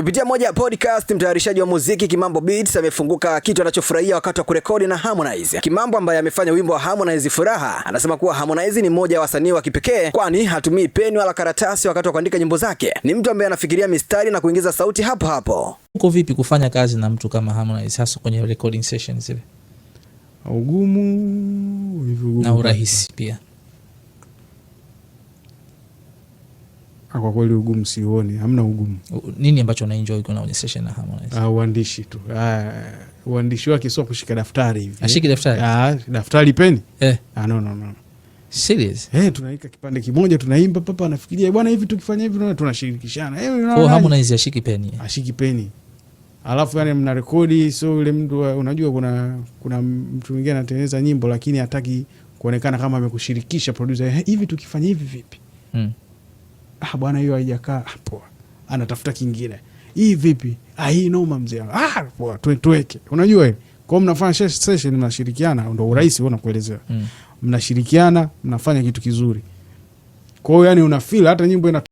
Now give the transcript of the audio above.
Kupitia moja ya podcast, mtayarishaji wa muziki Kimambo Beats amefunguka kitu anachofurahia wakati wa kurekodi na Harmonize. Kimambo ambaye amefanya wimbo wa Harmonize Furaha anasema kuwa Harmonize ni mmoja wa wasanii wa kipekee, kwani hatumii peni wala karatasi wakati wa kuandika nyimbo zake. Ni mtu ambaye anafikiria mistari na kuingiza sauti hapo hapo. Uko vipi kufanya kazi na mtu kama Harmonize, hasa kwenye recording sessions zile? Ugumu na urahisi pia Ah, kwa kweli ugumu siuoni, hamna ugumu. Nini ambacho unaenjoy kuna kwenye session na Harmonize? Uh, uandishi tu uh, uandishi wake sio kushika daftari hivi, ashiki daftari Ah, daftari peni eh. Ah, no, no, no. Serious? Eh, tunaika kipande kimoja tunaimba papa, anafikiria bwana, hivi tukifanya hivi unaona, tunashirikishana eh, unaona. Kwa Harmonize ashiki peni, ashiki peni alafu yani mna rekodi so yule mtu unajua, kuna kuna mtu mwingine anatengeneza nyimbo lakini hataki kuonekana kama amekushirikisha producer, eh, hivi tukifanya hivi vipi? mm ah, bwana hiyo haijakaa, ah, poa, anatafuta kingine. Hii vipi? Ah, hii noma mzee, ah, poa, tuweke. Unajua hivi kwao, mnafanya session, mnashirikiana, ndo urahisi huo nakuelezea. Mm. Mnashirikiana, mnafanya kitu kizuri. Kwa hiyo yani una feel hata nyimbo ina